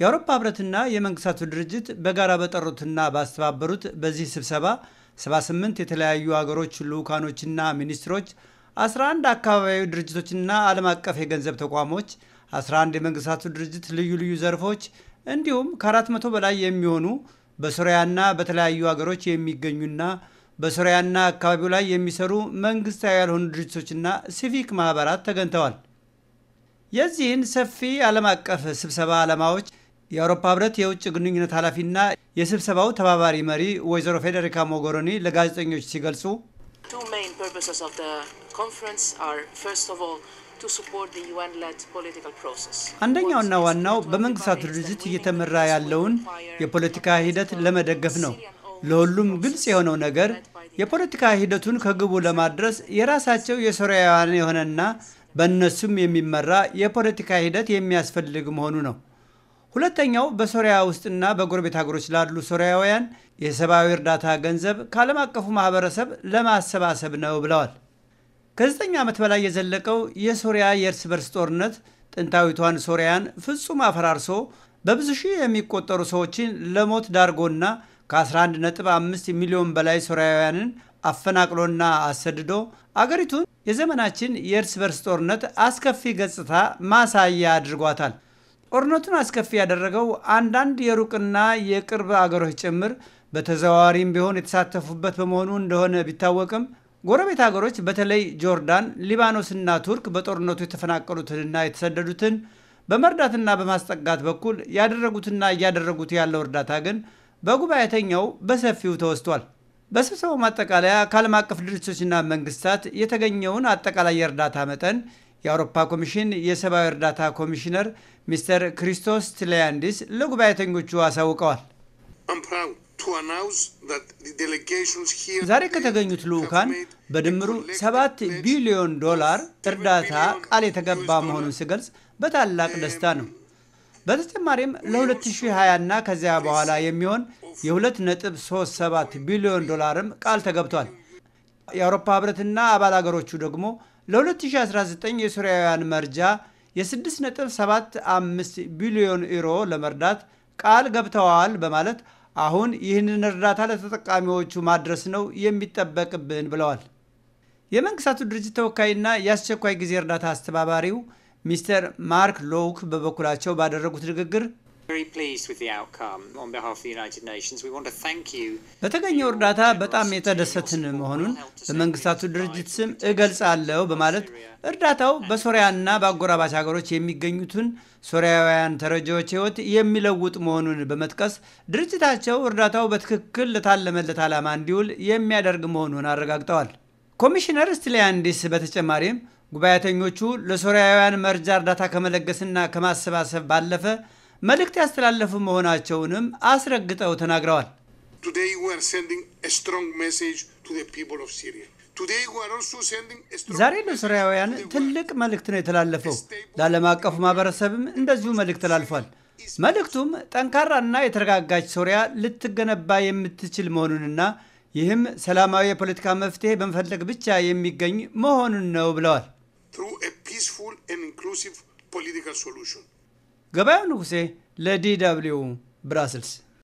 የአውሮፓ ህብረትና የመንግስታቱ ድርጅት በጋራ በጠሩትና ባስተባበሩት በዚህ ስብሰባ 78 የተለያዩ ሀገሮች ልዑካኖችና ሚኒስትሮች፣ 11 አካባቢያዊ ድርጅቶችና ዓለም አቀፍ የገንዘብ ተቋሞች፣ 11 የመንግስታቱ ድርጅት ልዩ ልዩ ዘርፎች እንዲሁም ከ400 በላይ የሚሆኑ በሶሪያና በተለያዩ ሀገሮች የሚገኙና በሶሪያና አካባቢው ላይ የሚሰሩ መንግስታዊ ያልሆኑ ድርጅቶችና ሲቪክ ማህበራት ተገኝተዋል። የዚህን ሰፊ ዓለም አቀፍ ስብሰባ ዓላማዎች የአውሮፓ ህብረት የውጭ ግንኙነት ኃላፊና የስብሰባው ተባባሪ መሪ ወይዘሮ ፌዴሪካ ሞጎሮኒ ለጋዜጠኞች ሲገልጹ አንደኛውና ዋናው በመንግስታቱ ድርጅት እየተመራ ያለውን የፖለቲካ ሂደት ለመደገፍ ነው። ለሁሉም ግልጽ የሆነው ነገር የፖለቲካ ሂደቱን ከግቡ ለማድረስ የራሳቸው የሶሪያውያን የሆነና በእነሱም የሚመራ የፖለቲካ ሂደት የሚያስፈልግ መሆኑ ነው። ሁለተኛው በሶሪያ ውስጥና በጎረቤት ሀገሮች ላሉ ሶሪያውያን የሰብአዊ እርዳታ ገንዘብ ከዓለም አቀፉ ማህበረሰብ ለማሰባሰብ ነው ብለዋል። ከዘጠኝ ዓመት በላይ የዘለቀው የሶሪያ የእርስ በርስ ጦርነት ጥንታዊቷን ሶሪያን ፍጹም አፈራርሶ በብዙ ሺህ የሚቆጠሩ ሰዎችን ለሞት ዳርጎና ከ11.5 ሚሊዮን በላይ ሶሪያውያንን አፈናቅሎና አሰድዶ አገሪቱን የዘመናችን የእርስ በርስ ጦርነት አስከፊ ገጽታ ማሳያ አድርጓታል። ጦርነቱን አስከፊ ያደረገው አንዳንድ የሩቅና የቅርብ አገሮች ጭምር በተዘዋዋሪም ቢሆን የተሳተፉበት በመሆኑ እንደሆነ ቢታወቅም ጎረቤት አገሮች በተለይ ጆርዳን፣ ሊባኖስና ቱርክ በጦርነቱ የተፈናቀሉትንና የተሰደዱትን በመርዳትና በማስጠጋት በኩል ያደረጉትና እያደረጉት ያለው እርዳታ ግን በጉባኤተኛው በሰፊው ተወስቷል። በስብሰባው ማጠቃለያ ከዓለም አቀፍ ድርጅቶችና መንግስታት የተገኘውን አጠቃላይ የእርዳታ መጠን የአውሮፓ ኮሚሽን የሰብአዊ እርዳታ ኮሚሽነር ሚስተር ክሪስቶስ ትለያንዲስ ለጉባኤተኞቹ አሳውቀዋል። ዛሬ ከተገኙት ልዑካን በድምሩ 7 ቢሊዮን ዶላር እርዳታ ቃል የተገባ መሆኑን ስገልጽ በታላቅ ደስታ ነው። um, በተጨማሪም ለ2020ና ከዚያ በኋላ የሚሆን የ2.37 ቢሊዮን ዶላርም ቃል ተገብቷል። የአውሮፓ ህብረትና አባል አገሮቹ ደግሞ ለ2019 የሱሪያውያን መርጃ የ6.75 ቢሊዮን ዩሮ ለመርዳት ቃል ገብተዋል በማለት አሁን ይህንን እርዳታ ለተጠቃሚዎቹ ማድረስ ነው የሚጠበቅብን ብለዋል። የመንግስታቱ ድርጅት ተወካይና የአስቸኳይ ጊዜ እርዳታ አስተባባሪው ሚስተር ማርክ ሎውክ በበኩላቸው ባደረጉት ንግግር በተገኘው እርዳታ በጣም የተደሰትን መሆኑን በመንግስታቱ ድርጅት ስም እገልጻለሁ በማለት እርዳታው በሶሪያና በአጎራባች ሀገሮች የሚገኙትን ሶሪያውያን ተረጂዎች ህይወት የሚለውጥ መሆኑን በመጥቀስ ድርጅታቸው እርዳታው በትክክል ለታለመለት ዓላማ እንዲውል የሚያደርግ መሆኑን አረጋግጠዋል። ኮሚሽነር ስቲሊያንዲስ በተጨማሪም ጉባኤተኞቹ ለሶሪያውያን መርጃ እርዳታ ከመለገስና ከማሰባሰብ ባለፈ መልእክት ያስተላለፉ መሆናቸውንም አስረግጠው ተናግረዋል። ዛሬ ለሶሪያውያን ትልቅ መልእክት ነው የተላለፈው። ለዓለም አቀፉ ማህበረሰብም እንደዚሁ መልእክት ተላልፏል። መልእክቱም ጠንካራና የተረጋጋች ሶሪያ ልትገነባ የምትችል መሆኑንና ይህም ሰላማዊ የፖለቲካ መፍትሄ በመፈለግ ብቻ የሚገኝ መሆኑን ነው ብለዋል። ገበያው ንጉሴ ለዲ ደብልዩ ብራስልስ